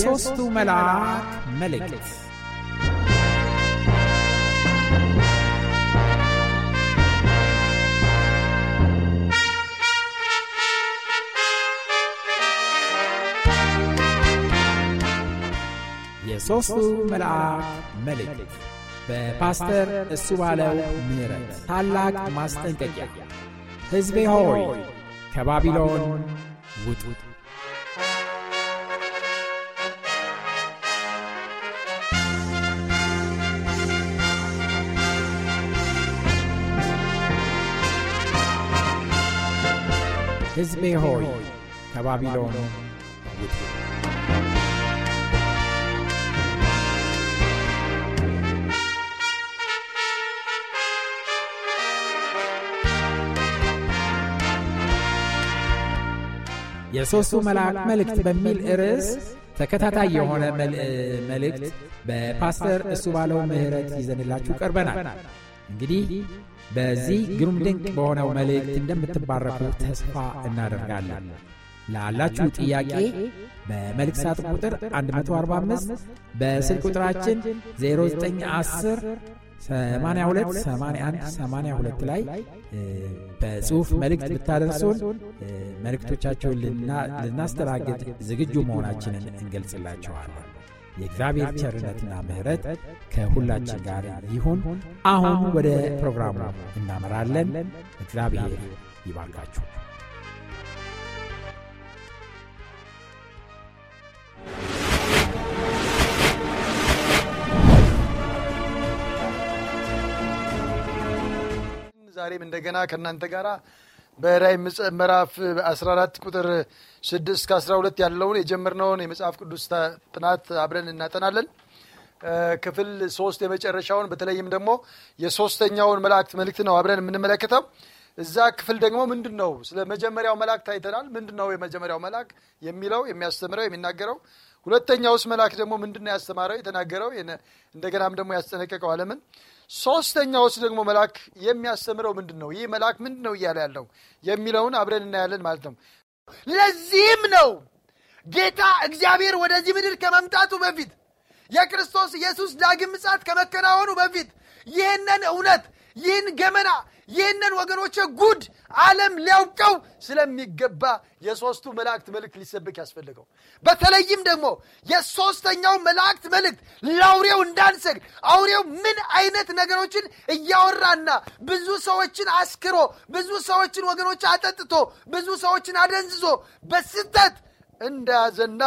የሦስቱ መልአክ መልእክት የሦስቱ መልአክ መልእክት በፓስተር እሱ ባለው ምሕረት ታላቅ ማስጠንቀቂያ ሕዝቤ ሆይ ከባቢሎን ውጡት ሕዝቤ ሆይ ከባቢሎን የሦስቱ መልአክ መልእክት በሚል ርዕስ ተከታታይ የሆነ መልእክት በፓስተር እሱ ባለው ምህረት ይዘንላችሁ ቀርበናል። እንግዲህ በዚህ ግሩም ድንቅ በሆነው መልእክት እንደምትባረፉ ተስፋ እናደርጋለን። ላላችሁ ጥያቄ በመልእክት ሳጥን ቁጥር 145 በስልክ ቁጥራችን 0910 82 81 82 ላይ በጽሁፍ መልእክት ብታደርሱን መልእክቶቻቸውን ልናስተናግድ ዝግጁ መሆናችንን እንገልጽላችኋለን። የእግዚአብሔር ቸርነትና ምሕረት ከሁላችን ጋር ይሁን። አሁን ወደ ፕሮግራሙ እናመራለን። እግዚአብሔር ይባርካችሁ። ዛሬም እንደገና ከእናንተ ጋር በራይ ምዕራፍ 14 ቁጥር 6 እስከ 12 ያለውን የጀመርነውን የመጽሐፍ ቅዱስ ጥናት አብረን እናጠናለን። ክፍል ሶስት የመጨረሻውን በተለይም ደግሞ የሶስተኛውን መላእክት መልእክት ነው አብረን የምንመለከተው። እዛ ክፍል ደግሞ ምንድን ነው ስለ መጀመሪያው መልአክ ታይተናል። ምንድን ነው የመጀመሪያው መልአክ የሚለው የሚያስተምረው የሚናገረው፣ ሁለተኛውስ መልአክ ደግሞ ምንድን ነው ያስተማረው የተናገረው፣ እንደገናም ደግሞ ያስጠነቀቀው አለምን? ሶስተኛውስ ደግሞ መልአክ የሚያስተምረው ምንድን ነው? ይህ መልአክ ምንድን ነው እያለ ያለው የሚለውን አብረን እናያለን ማለት ነው። ለዚህም ነው ጌታ እግዚአብሔር ወደዚህ ምድር ከመምጣቱ በፊት የክርስቶስ ኢየሱስ ዳግም ምጻት ከመከናወኑ በፊት ይህንን እውነት ይህን ገመና ይህንን ወገኖች ጉድ ዓለም ሊያውቀው ስለሚገባ የሦስቱ መላእክት መልእክት ሊሰብክ ያስፈልገው። በተለይም ደግሞ የሦስተኛው መላእክት መልእክት ለአውሬው እንዳንሰግድ፣ አውሬው ምን አይነት ነገሮችን እያወራና ብዙ ሰዎችን አስክሮ ብዙ ሰዎችን ወገኖች አጠጥቶ ብዙ ሰዎችን አደንዝዞ በስተት እንደያዘና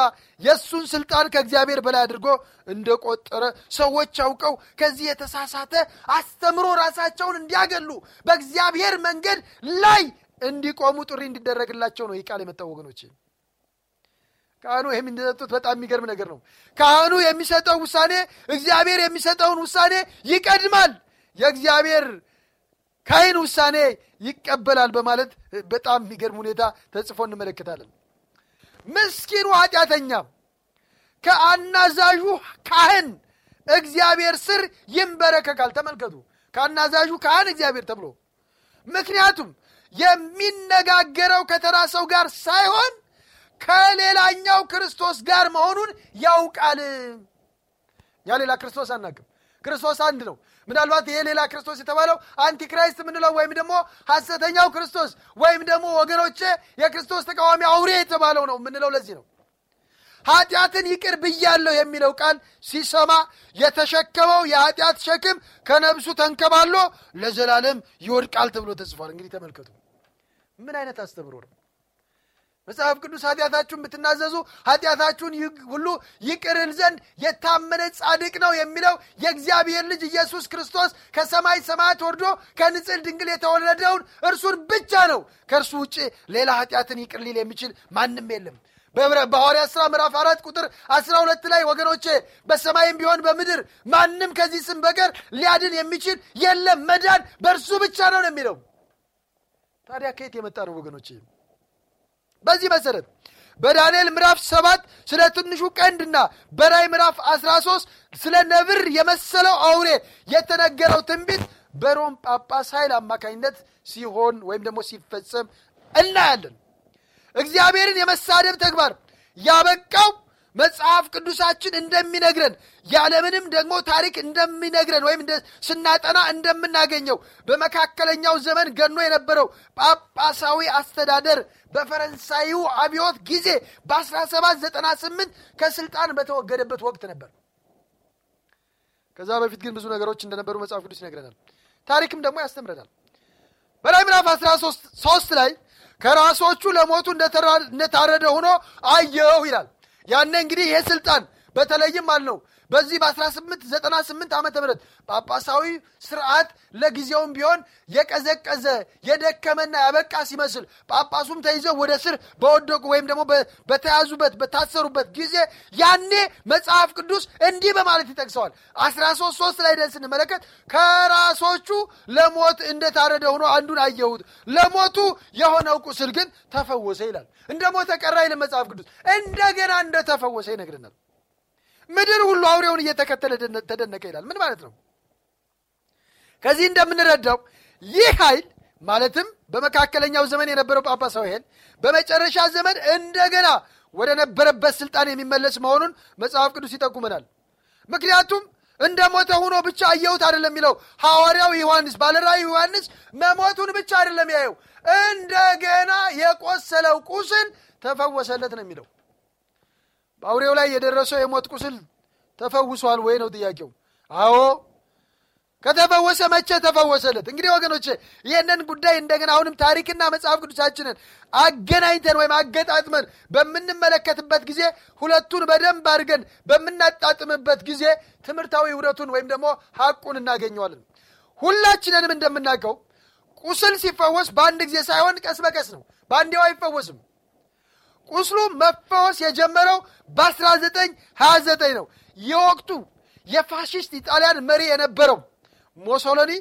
የእሱን ስልጣን ከእግዚአብሔር በላይ አድርጎ እንደቆጠረ ሰዎች አውቀው ከዚህ የተሳሳተ አስተምሮ ራሳቸውን እንዲያገሉ በእግዚአብሔር መንገድ ላይ እንዲቆሙ ጥሪ እንዲደረግላቸው ነው ይህ ቃል የመጣው ወገኖች። ካህኑ ይህም እንደሰጡት በጣም የሚገርም ነገር ነው። ካህኑ የሚሰጠው ውሳኔ እግዚአብሔር የሚሰጠውን ውሳኔ ይቀድማል። የእግዚአብሔር ካይን ውሳኔ ይቀበላል በማለት በጣም የሚገርም ሁኔታ ተጽፎ እንመለከታለን። ምስኪኑ ኃጢአተኛ ከአናዛዡ ካህን እግዚአብሔር ስር ይንበረከካል። ተመልከቱ፣ ከአናዛዡ ካህን እግዚአብሔር ተብሎ ምክንያቱም የሚነጋገረው ከተራ ሰው ጋር ሳይሆን ከሌላኛው ክርስቶስ ጋር መሆኑን ያውቃል። እኛ ሌላ ክርስቶስ አናቅም። ክርስቶስ አንድ ነው። ምናልባት ይሄ ሌላ ክርስቶስ የተባለው አንቲክራይስት የምንለው ወይም ደግሞ ሐሰተኛው ክርስቶስ ወይም ደግሞ ወገኖቼ የክርስቶስ ተቃዋሚ አውሬ የተባለው ነው የምንለው ለዚህ ነው። ኃጢአትን ይቅር ብያለሁ የሚለው ቃል ሲሰማ የተሸከመው የኃጢአት ሸክም ከነብሱ ተንከባሎ ለዘላለም ይወድቃል ተብሎ ተጽፏል። እንግዲህ ተመልከቱ፣ ምን አይነት አስተምሮ ነው? መጽሐፍ ቅዱስ ኃጢአታችሁን ብትናዘዙ ኃጢአታችሁን ሁሉ ይቅርን ዘንድ የታመነ ጻድቅ ነው የሚለው የእግዚአብሔር ልጅ ኢየሱስ ክርስቶስ ከሰማይ ሰማያት ወርዶ ከንጽል ድንግል የተወለደውን እርሱን ብቻ ነው። ከእርሱ ውጭ ሌላ ኃጢአትን ይቅር ሊል የሚችል ማንም የለም። በሐዋርያት ሥራ ምዕራፍ አራት ቁጥር አስራ ሁለት ላይ ወገኖቼ በሰማይም ቢሆን በምድር ማንም ከዚህ ስም በቀር ሊያድን የሚችል የለም፣ መዳን በእርሱ ብቻ ነው ነው የሚለው። ታዲያ ከየት የመጣ ነው ወገኖቼ? በዚህ መሰረት በዳንኤል ምዕራፍ ሰባት ስለ ትንሹ ቀንድና በራይ ምዕራፍ 13 ስለ ነብር የመሰለው አውሬ የተነገረው ትንቢት በሮም ጳጳስ ኃይል አማካኝነት ሲሆን ወይም ደግሞ ሲፈጸም እናያለን። እግዚአብሔርን የመሳደብ ተግባር ያበቃው መጽሐፍ ቅዱሳችን እንደሚነግረን ያለምንም ደግሞ ታሪክ እንደሚነግረን ወይም ስናጠና እንደምናገኘው በመካከለኛው ዘመን ገኖ የነበረው ጳጳሳዊ አስተዳደር በፈረንሳዩ አብዮት ጊዜ በ1798 ከስልጣን በተወገደበት ወቅት ነበር። ከዛ በፊት ግን ብዙ ነገሮች እንደነበሩ መጽሐፍ ቅዱስ ይነግረናል። ታሪክም ደግሞ ያስተምረናል። በላይ ምዕራፍ 13 ላይ ከራሶቹ ለሞቱ እንደታረደ ሆኖ አየው ይላል። ያነ እንግዲህ ይሄ ስልጣን በተለይም ማለት ነው በዚህ በ1898 ዓ ም ጳጳሳዊ ስርዓት ለጊዜውም ቢሆን የቀዘቀዘ የደከመና ያበቃ ሲመስል ጳጳሱም ተይዘው ወደ ስር በወደቁ ወይም ደግሞ በተያዙበት በታሰሩበት ጊዜ ያኔ መጽሐፍ ቅዱስ እንዲህ በማለት ይጠቅሰዋል 13 ላይ ደን ስንመለከት ከራሶቹ ለሞት እንደታረደ ሆኖ አንዱን አየሁት ለሞቱ የሆነው ቁስል ግን ተፈወሰ ይላል እንደ ሞተ ቀራ መጽሐፍ ቅዱስ እንደገና እንደተፈወሰ ይነግረናል ምድር ሁሉ አውሬውን እየተከተለ ተደነቀ ይላል። ምን ማለት ነው? ከዚህ እንደምንረዳው ይህ ኃይል ማለትም በመካከለኛው ዘመን የነበረው ጳጳሳዊ ኃይል በመጨረሻ ዘመን እንደገና ወደ ነበረበት ስልጣን የሚመለስ መሆኑን መጽሐፍ ቅዱስ ይጠቁመናል። ምክንያቱም እንደ ሞተ ሆኖ ብቻ አየሁት አይደለም የሚለው ሐዋርያው ዮሐንስ ባለራዊ ዮሐንስ መሞቱን ብቻ አይደለም ያየው፣ እንደገና የቆሰለው ቁስል ተፈወሰለት ነው የሚለው በአውሬው ላይ የደረሰው የሞት ቁስል ተፈውሷል ወይ ነው ጥያቄው። አዎ ከተፈወሰ መቼ ተፈወሰለት? እንግዲህ ወገኖች ይህንን ጉዳይ እንደገና አሁንም ታሪክና መጽሐፍ ቅዱሳችንን አገናኝተን ወይም አገጣጥመን በምንመለከትበት ጊዜ ሁለቱን በደንብ አድርገን በምናጣጥምበት ጊዜ ትምህርታዊ ውረቱን ወይም ደግሞ ሐቁን እናገኘዋለን። ሁላችንንም እንደምናውቀው ቁስል ሲፈወስ በአንድ ጊዜ ሳይሆን ቀስ በቀስ ነው። በአንዴው አይፈወስም። ቁስሉ መፈወስ የጀመረው በ1929 ነው። የወቅቱ የፋሽስት ኢጣሊያን መሪ የነበረው ሞሶሎኒ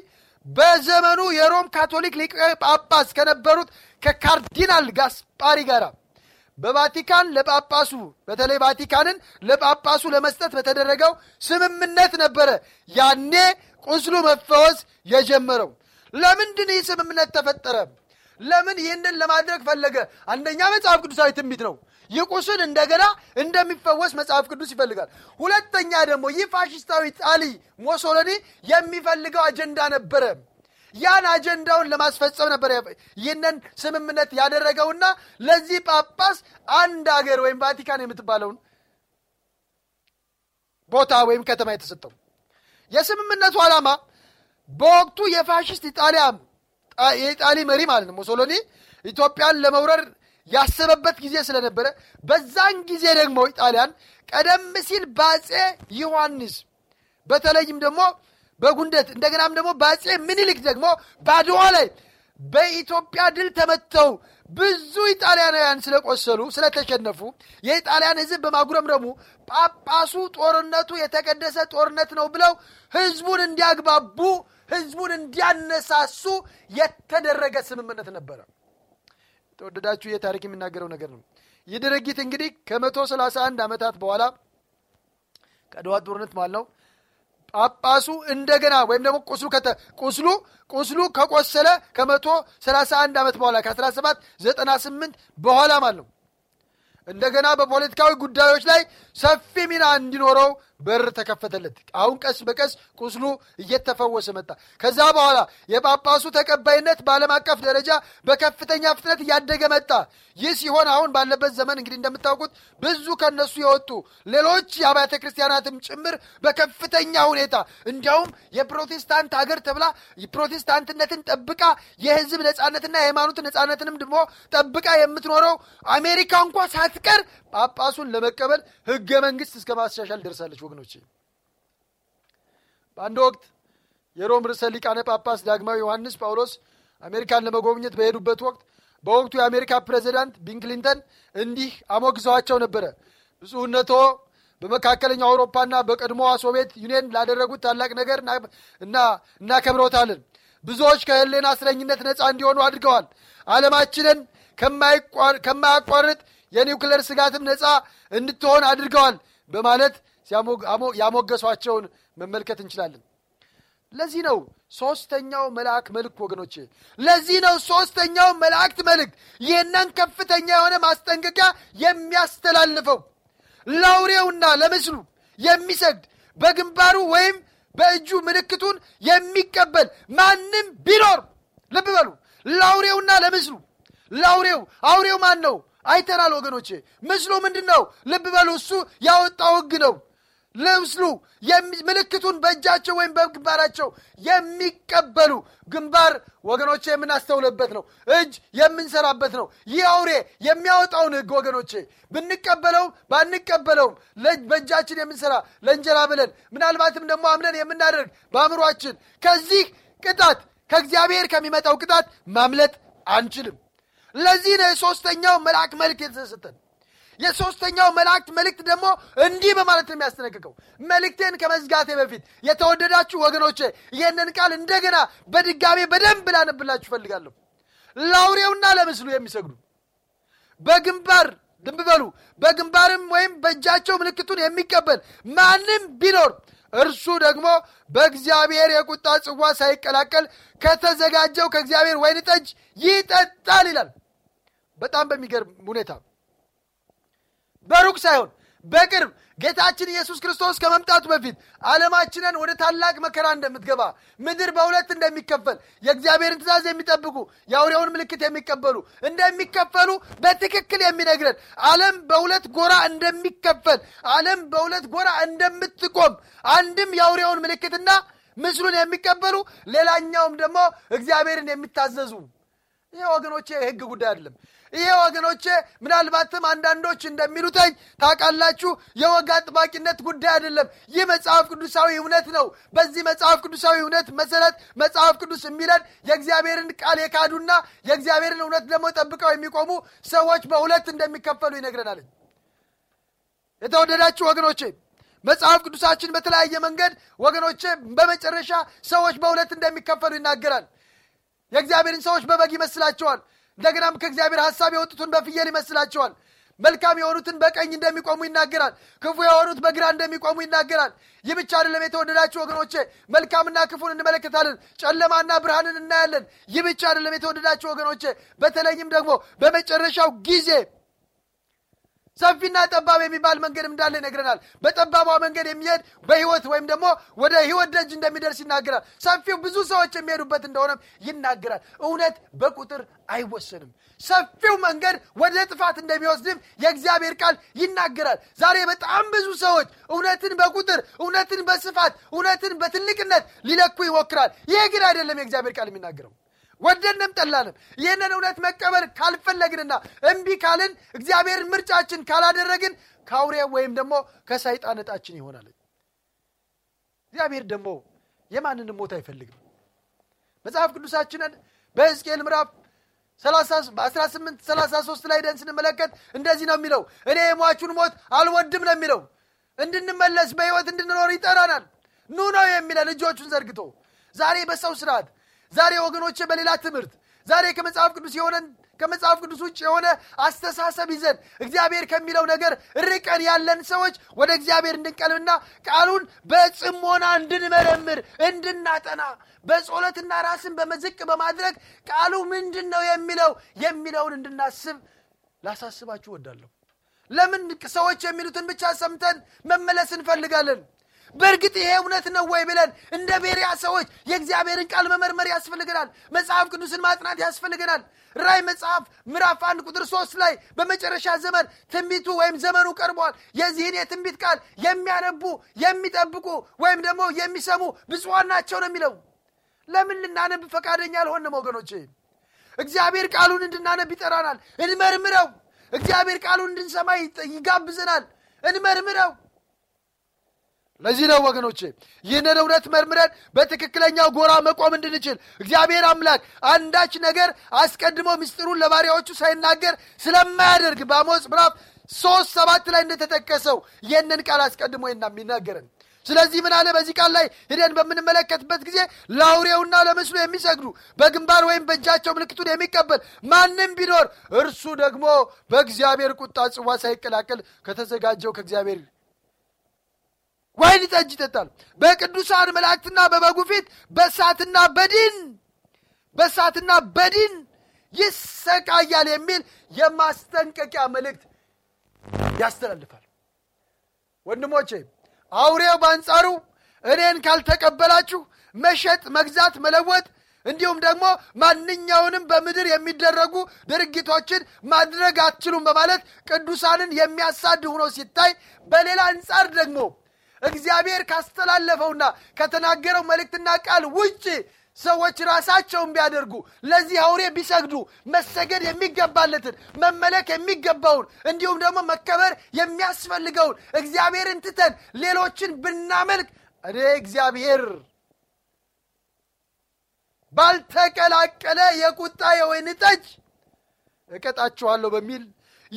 በዘመኑ የሮም ካቶሊክ ሊቀ ጳጳስ ከነበሩት ከካርዲናል ጋስፓሪ ጋር በቫቲካን ለጳጳሱ በተለይ ቫቲካንን ለጳጳሱ ለመስጠት በተደረገው ስምምነት ነበረ ያኔ ቁስሉ መፈወስ የጀመረው። ለምንድን ይህ ስምምነት ተፈጠረ? ለምን ይህንን ለማድረግ ፈለገ? አንደኛ መጽሐፍ ቅዱሳዊ ትንቢት ነው። ይህ እንደገና እንደሚፈወስ መጽሐፍ ቅዱስ ይፈልጋል። ሁለተኛ ደግሞ ይህ ፋሽስታዊ ጣሊ ሞሶሎኒ የሚፈልገው አጀንዳ ነበረ። ያን አጀንዳውን ለማስፈጸም ነበር ይህንን ስምምነት ያደረገውና ለዚህ ጳጳስ አንድ አገር ወይም ቫቲካን የምትባለውን ቦታ ወይም ከተማ የተሰጠው። የስምምነቱ ዓላማ በወቅቱ የፋሽስት ኢጣሊያ የኢጣሊ መሪ ማለት ነው ሞሶሎኒ ኢትዮጵያን ለመውረር ያሰበበት ጊዜ ስለነበረ በዛን ጊዜ ደግሞ ኢጣሊያን ቀደም ሲል በአጼ ዮሐንስ በተለይም ደግሞ በጉንደት እንደገናም ደግሞ በአጼ ምኒልክ ደግሞ በአድዋ ላይ በኢትዮጵያ ድል ተመተው ብዙ ኢጣሊያናውያን ስለቆሰሉ ስለተሸነፉ የኢጣሊያን ህዝብ በማጉረምረሙ ጳጳሱ ጦርነቱ የተቀደሰ ጦርነት ነው ብለው ህዝቡን እንዲያግባቡ ህዝቡን እንዲያነሳሱ የተደረገ ስምምነት ነበረ። ተወደዳችሁ ይህ ታሪክ የሚናገረው ነገር ነው። ይህ ድርጊት እንግዲህ ከመቶ ሰላሳ አንድ ዓመታት በኋላ ከአድዋ ጦርነት ማለት ነው ጳጳሱ እንደገና ወይም ደግሞ ቁስሉ ቁስሉ ቁስሉ ከቆሰለ ከመቶ ሰላሳ አንድ ዓመት በኋላ ከአስራ ሰባት ዘጠና ስምንት በኋላ ማለት ነው እንደገና በፖለቲካዊ ጉዳዮች ላይ ሰፊ ሚና እንዲኖረው በር ተከፈተለት። አሁን ቀስ በቀስ ቁስሉ እየተፈወሰ መጣ። ከዛ በኋላ የጳጳሱ ተቀባይነት በዓለም አቀፍ ደረጃ በከፍተኛ ፍጥነት እያደገ መጣ። ይህ ሲሆን አሁን ባለበት ዘመን እንግዲህ እንደምታውቁት ብዙ ከነሱ የወጡ ሌሎች የአብያተ ክርስቲያናትም ጭምር በከፍተኛ ሁኔታ እንዲያውም የፕሮቴስታንት ሀገር ተብላ ፕሮቴስታንትነትን ጠብቃ የህዝብ ነጻነትና የሃይማኖት ነጻነትንም ደግሞ ጠብቃ የምትኖረው አሜሪካ እንኳ ሳትቀር ጳጳሱን ለመቀበል ህገ መንግስት እስከ ማስሻሻል ደርሳለች። ወገኖች በአንድ ወቅት የሮም ርዕሰ ሊቃነ ጳጳስ ዳግማዊ ዮሐንስ ጳውሎስ አሜሪካን ለመጎብኘት በሄዱበት ወቅት በወቅቱ የአሜሪካ ፕሬዚዳንት ቢን ክሊንተን እንዲህ አሞግሰዋቸው ነበረ። ብፁዕነቶ በመካከለኛው አውሮፓና በቀድሞዋ ሶቪየት ዩኒየን ላደረጉት ታላቅ ነገር እና እናከብረውታለን። ብዙዎች ከህሊና አስረኝነት ነፃ እንዲሆኑ አድርገዋል። አለማችንን ከማያቋርጥ የኒውክሌር ስጋትም ነፃ እንድትሆን አድርገዋል በማለት ያሞገሷቸውን መመልከት እንችላለን። ለዚህ ነው ሶስተኛው መልአክ መልክ ወገኖች ለዚህ ነው ሶስተኛው መላእክት መልክ ይህንን ከፍተኛ የሆነ ማስጠንቀቂያ የሚያስተላልፈው። ለአውሬውና ለምስሉ የሚሰግድ በግንባሩ ወይም በእጁ ምልክቱን የሚቀበል ማንም ቢኖር ልብ በሉ፣ ለአውሬውና ለምስሉ ለአውሬው አውሬው ማን ነው? አይተናል ወገኖቼ። ምስሉ ምንድን ነው? ልብ በሉ። እሱ ያወጣው ህግ ነው። ለምስሉ ምልክቱን በእጃቸው ወይም በግንባራቸው የሚቀበሉ ግንባር ወገኖቼ የምናስተውልበት ነው። እጅ የምንሰራበት ነው። ይህ አውሬ የሚያወጣውን ህግ ወገኖቼ ብንቀበለውም ባንቀበለውም በእጃችን የምንሰራ ለእንጀራ ብለን ምናልባትም ደግሞ አምነን የምናደርግ በአእምሯችን ከዚህ ቅጣት ከእግዚአብሔር ከሚመጣው ቅጣት ማምለጥ አንችልም። ለዚህ ነው የሶስተኛው መልአክ መልክ የተሰጠን የሶስተኛው መልአክት መልእክት ደግሞ እንዲህ በማለት ነው የሚያስጠነቅቀው መልእክቴን ከመዝጋቴ በፊት የተወደዳችሁ ወገኖቼ ይህንን ቃል እንደገና በድጋሜ በደንብ ላነብላችሁ ፈልጋለሁ። ላውሬውና ለምስሉ የሚሰግዱ በግንባር ድንብ በሉ በግንባርም ወይም በእጃቸው ምልክቱን የሚቀበል ማንም ቢኖር እርሱ ደግሞ በእግዚአብሔር የቁጣ ጽዋ ሳይቀላቀል ከተዘጋጀው ከእግዚአብሔር ወይን ጠጅ ይጠጣል ይላል በጣም በሚገርም ሁኔታ በሩቅ ሳይሆን በቅርብ ጌታችን ኢየሱስ ክርስቶስ ከመምጣቱ በፊት ዓለማችንን ወደ ታላቅ መከራ እንደምትገባ ምድር በሁለት እንደሚከፈል የእግዚአብሔርን ትእዛዝ የሚጠብቁ የአውሬውን ምልክት የሚቀበሉ እንደሚከፈሉ በትክክል የሚነግረን ዓለም በሁለት ጎራ እንደሚከፈል ዓለም በሁለት ጎራ እንደምትቆም አንድም የአውሬውን ምልክትና ምስሉን የሚቀበሉ ሌላኛውም ደግሞ እግዚአብሔርን የሚታዘዙ ይህ ወገኖቼ የህግ ጉዳይ አይደለም ይሄ ወገኖቼ ምናልባትም አንዳንዶች እንደሚሉተኝ ታውቃላችሁ፣ የወግ አጥባቂነት ጉዳይ አይደለም። ይህ መጽሐፍ ቅዱሳዊ እውነት ነው። በዚህ መጽሐፍ ቅዱሳዊ እውነት መሰረት መጽሐፍ ቅዱስ የሚለን የእግዚአብሔርን ቃል የካዱና የእግዚአብሔርን እውነት ደግሞ ጠብቀው የሚቆሙ ሰዎች በሁለት እንደሚከፈሉ ይነግረናል። የተወደዳችሁ ወገኖቼ መጽሐፍ ቅዱሳችን በተለያየ መንገድ ወገኖቼ በመጨረሻ ሰዎች በሁለት እንደሚከፈሉ ይናገራል። የእግዚአብሔርን ሰዎች በበግ ይመስላቸዋል። እንደገናም ከእግዚአብሔር ሐሳብ የወጡትን በፍየል ይመስላቸዋል። መልካም የሆኑትን በቀኝ እንደሚቆሙ ይናገራል። ክፉ የሆኑት በግራ እንደሚቆሙ ይናገራል። ይህ ብቻ አይደለም የተወደዳችሁ ወገኖቼ፣ መልካምና ክፉን እንመለከታለን፣ ጨለማና ብርሃንን እናያለን። ይህ ብቻ አይደለም የተወደዳችሁ ወገኖቼ፣ በተለይም ደግሞ በመጨረሻው ጊዜ ሰፊና ጠባብ የሚባል መንገድ እንዳለ ይነግረናል። በጠባቧ መንገድ የሚሄድ በህይወት ወይም ደግሞ ወደ ህይወት ደጅ እንደሚደርስ ይናገራል። ሰፊው ብዙ ሰዎች የሚሄዱበት እንደሆነም ይናገራል። እውነት በቁጥር አይወሰንም። ሰፊው መንገድ ወደ ጥፋት እንደሚወስድም የእግዚአብሔር ቃል ይናገራል። ዛሬ በጣም ብዙ ሰዎች እውነትን በቁጥር እውነትን በስፋት እውነትን በትልቅነት ሊለኩ ይሞክራል። ይህ ግን አይደለም የእግዚአብሔር ቃል የሚናገረው። ወደንም ጠላንም ይህንን እውነት መቀበል ካልፈለግንና እምቢ ካልን እግዚአብሔርን ምርጫችን ካላደረግን ከአውሬ ወይም ደግሞ ከሰይጣን ይሆናል። እግዚአብሔር ደግሞ የማንንም ሞት አይፈልግም። መጽሐፍ ቅዱሳችንን በሕዝቅኤል ምዕራፍ ሰላሳ ሶስት ላይ ደን ስንመለከት እንደዚህ ነው የሚለው እኔ የሟቹን ሞት አልወድም ነው የሚለው እንድንመለስ በሕይወት እንድንኖር ይጠራናል ኑ ነው የሚለን እጆቹን ዘርግቶ ዛሬ በሰው ስርዓት ዛሬ ወገኖቼ በሌላ ትምህርት ዛሬ ከመጽሐፍ ቅዱስ የሆነን ከመጽሐፍ ቅዱስ ውጭ የሆነ አስተሳሰብ ይዘን እግዚአብሔር ከሚለው ነገር ርቀን ያለን ሰዎች ወደ እግዚአብሔር እንድንቀልብና ቃሉን በጽሞና እንድንመረምር እንድናጠና በጾለትና ራስን በመዝቅ በማድረግ ቃሉ ምንድን ነው የሚለው የሚለውን እንድናስብ ላሳስባችሁ ወዳለሁ። ለምን ሰዎች የሚሉትን ብቻ ሰምተን መመለስ እንፈልጋለን? በእርግጥ ይሄ እውነት ነው ወይ ብለን እንደ ቤሪያ ሰዎች የእግዚአብሔርን ቃል መመርመር ያስፈልገናል። መጽሐፍ ቅዱስን ማጥናት ያስፈልገናል። ራይ መጽሐፍ ምዕራፍ አንድ ቁጥር ሶስት ላይ በመጨረሻ ዘመን ትንቢቱ ወይም ዘመኑ ቀርቧል፣ የዚህን የትንቢት ቃል የሚያነቡ የሚጠብቁ ወይም ደግሞ የሚሰሙ ብፅዋን ናቸው ነው የሚለው። ለምን ልናነብ ፈቃደኛ አልሆንም ወገኖች እግዚአብሔር ቃሉን እንድናነብ ይጠራናል። እንመርምረው። እግዚአብሔር ቃሉን እንድንሰማ ይጋብዘናል። እንመርምረው። ለዚህ ነው ወገኖቼ ይህንን እውነት መርምረን በትክክለኛው ጎራ መቆም እንድንችል እግዚአብሔር አምላክ አንዳች ነገር አስቀድሞ ምስጢሩን ለባሪያዎቹ ሳይናገር ስለማያደርግ በአሞፅ ምራፍ ሶስት ሰባት ላይ እንደተጠቀሰው ይህንን ቃል አስቀድሞ የሚናገርን ስለዚህ ምን አለ? በዚህ ቃል ላይ ሄደን በምንመለከትበት ጊዜ ለአውሬውና ለምስሉ የሚሰግዱ በግንባር ወይም በእጃቸው ምልክቱን የሚቀበል ማንም ቢኖር እርሱ ደግሞ በእግዚአብሔር ቁጣ ጽዋ ሳይቀላቀል ከተዘጋጀው ከእግዚአብሔር ወይን ጠጅ ይጠጣል። በቅዱሳን መላእክትና በበጉ ፊት በእሳትና በዲን በእሳትና በዲን ይሰቃያል የሚል የማስጠንቀቂያ መልእክት ያስተላልፋል። ወንድሞቼ አውሬው በአንጻሩ እኔን ካልተቀበላችሁ መሸጥ፣ መግዛት፣ መለወጥ እንዲሁም ደግሞ ማንኛውንም በምድር የሚደረጉ ድርጊቶችን ማድረግ አትችሉም በማለት ቅዱሳንን የሚያሳድ ሆኖ ሲታይ፣ በሌላ አንጻር ደግሞ እግዚአብሔር ካስተላለፈውና ከተናገረው መልእክትና ቃል ውጭ ሰዎች ራሳቸውን ቢያደርጉ ለዚህ አውሬ ቢሰግዱ መሰገድ የሚገባለትን መመለክ የሚገባውን እንዲሁም ደግሞ መከበር የሚያስፈልገውን እግዚአብሔርን ትተን ሌሎችን ብናመልክ እኔ እግዚአብሔር ባልተቀላቀለ የቁጣ የወይን ጠጅ እቀጣችኋለሁ በሚል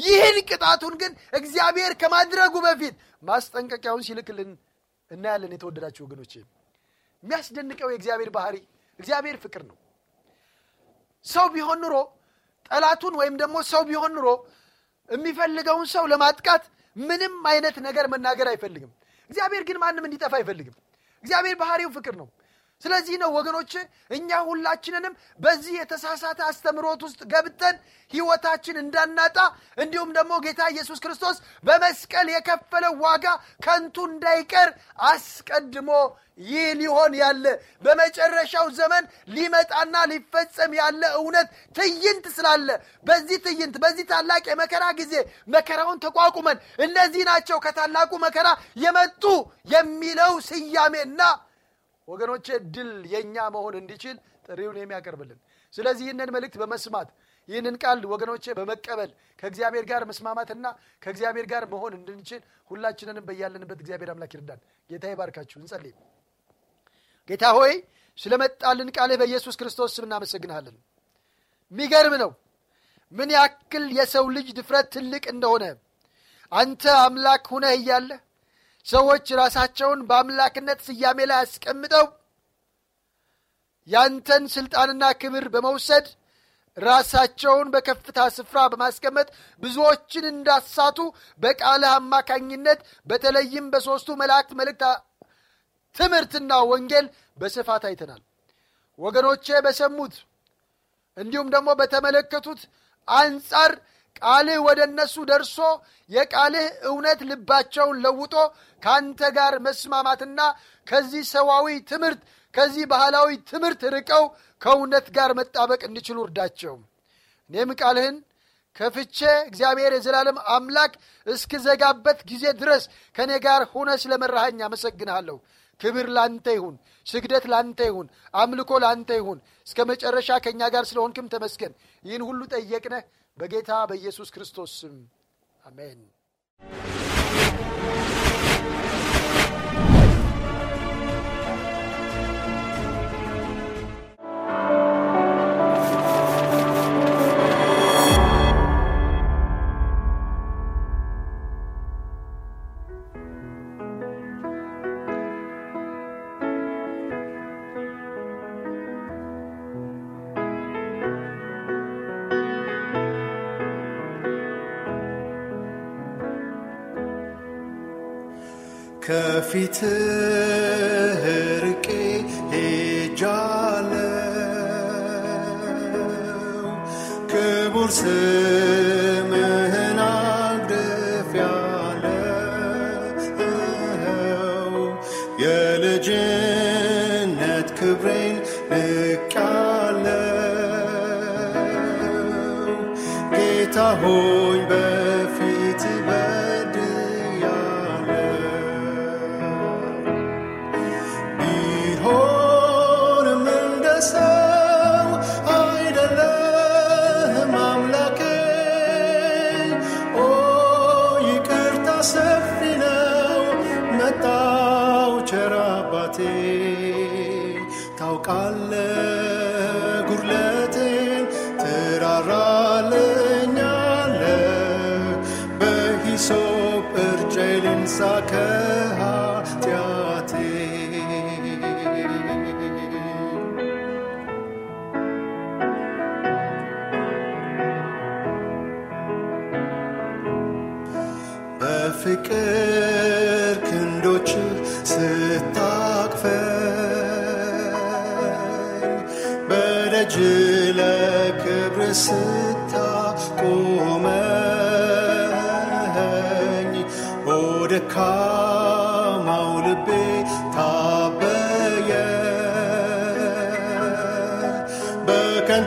ይህን ቅጣቱን ግን እግዚአብሔር ከማድረጉ በፊት ማስጠንቀቂያውን ሲልክልን እናያለን። የተወደዳችሁ ወገኖች የሚያስደንቀው የእግዚአብሔር ባህሪ እግዚአብሔር ፍቅር ነው። ሰው ቢሆን ኑሮ ጠላቱን ወይም ደግሞ ሰው ቢሆን ኑሮ የሚፈልገውን ሰው ለማጥቃት ምንም አይነት ነገር መናገር አይፈልግም። እግዚአብሔር ግን ማንም እንዲጠፋ አይፈልግም። እግዚአብሔር ባህሪው ፍቅር ነው። ስለዚህ ነው ወገኖች እኛ ሁላችንንም በዚህ የተሳሳተ አስተምሮት ውስጥ ገብተን ህይወታችን እንዳናጣ እንዲሁም ደግሞ ጌታ ኢየሱስ ክርስቶስ በመስቀል የከፈለው ዋጋ ከንቱ እንዳይቀር አስቀድሞ ይህ ሊሆን ያለ በመጨረሻው ዘመን ሊመጣና ሊፈጸም ያለ እውነት ትዕይንት ስላለ በዚህ ትይንት በዚህ ታላቅ የመከራ ጊዜ መከራውን ተቋቁመን እነዚህ ናቸው ከታላቁ መከራ የመጡ የሚለው ስያሜና ወገኖቼ ድል የእኛ መሆን እንዲችል ጥሪውን የሚያቀርብልን። ስለዚህ ይህንን መልእክት በመስማት ይህንን ቃል ወገኖቼ በመቀበል ከእግዚአብሔር ጋር መስማማትና ከእግዚአብሔር ጋር መሆን እንድንችል ሁላችንንም በያለንበት እግዚአብሔር አምላክ ይርዳን። ጌታ ይባርካችሁ። እንጸልይ። ጌታ ሆይ ስለመጣልን ቃልህ በኢየሱስ ክርስቶስ ስም እናመሰግንሃለን። የሚገርም ነው ምን ያክል የሰው ልጅ ድፍረት ትልቅ እንደሆነ አንተ አምላክ ሁነህ እያለህ ሰዎች ራሳቸውን በአምላክነት ስያሜ ላይ አስቀምጠው ያንተን ስልጣንና ክብር በመውሰድ ራሳቸውን በከፍታ ስፍራ በማስቀመጥ ብዙዎችን እንዳሳቱ በቃልህ አማካኝነት በተለይም በሦስቱ መላእክት መልእክት ትምህርትና ወንጌል በስፋት አይተናል። ወገኖቼ በሰሙት እንዲሁም ደግሞ በተመለከቱት አንጻር ቃልህ ወደ እነሱ ደርሶ የቃልህ እውነት ልባቸውን ለውጦ ከአንተ ጋር መስማማትና ከዚህ ሰዋዊ ትምህርት ከዚህ ባህላዊ ትምህርት ርቀው ከእውነት ጋር መጣበቅ እንዲችሉ እርዳቸው። እኔም ቃልህን ከፍቼ እግዚአብሔር የዘላለም አምላክ እስክዘጋበት ጊዜ ድረስ ከእኔ ጋር ሆነ ስለመራሃኝ አመሰግንሃለሁ። ክብር ላንተ ይሁን፣ ስግደት ላንተ ይሁን፣ አምልኮ ላንተ ይሁን። እስከ መጨረሻ ከእኛ ጋር ስለሆንክም ተመስገን። ይህን ሁሉ ጠየቅነህ በጌታ በኢየሱስ ክርስቶስ ስም አሜን። ከፊትህ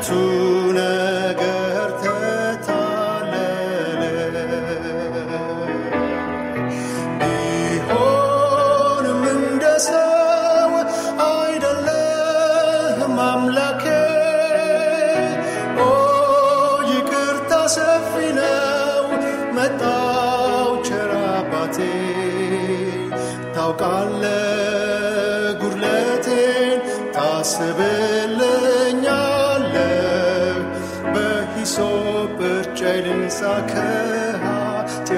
to 可好听？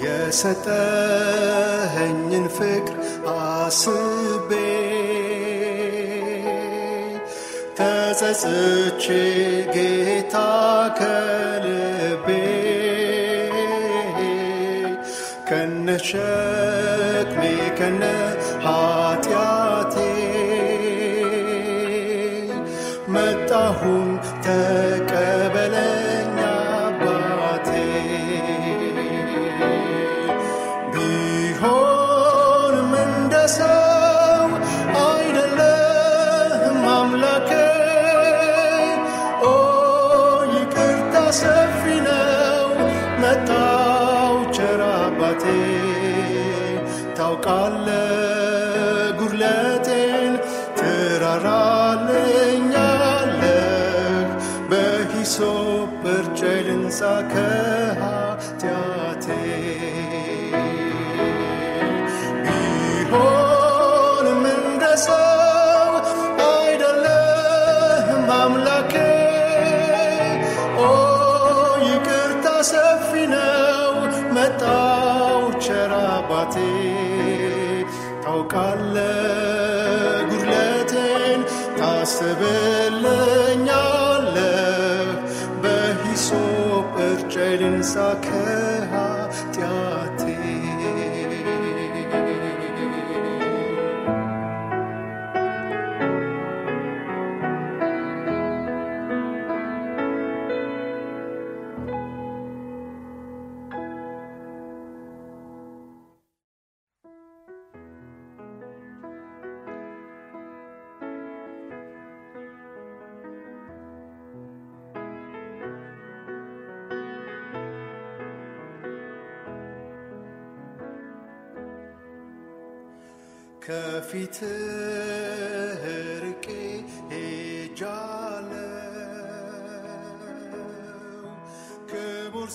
要是他能飞，啊！ተነስቼ ጌታ ከልቤ ከነሸክሜ ከነ ታውቃለህ ጉድለቴን ትራራልኛለህ በሂሶጵ በርጬ ልንጻ ከኃጢአቴ ቢሆንም እንደ ሰው አይደለህም አምላኬ ኦ ይቅርታ ሰፊ ነው መጣው ቸር አባቴ ታውቃለ ጉድለቴን ታስብልኛለ በሂሶ ከፊት ርቄ ሄጃለሁ ክቡር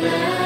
Yeah.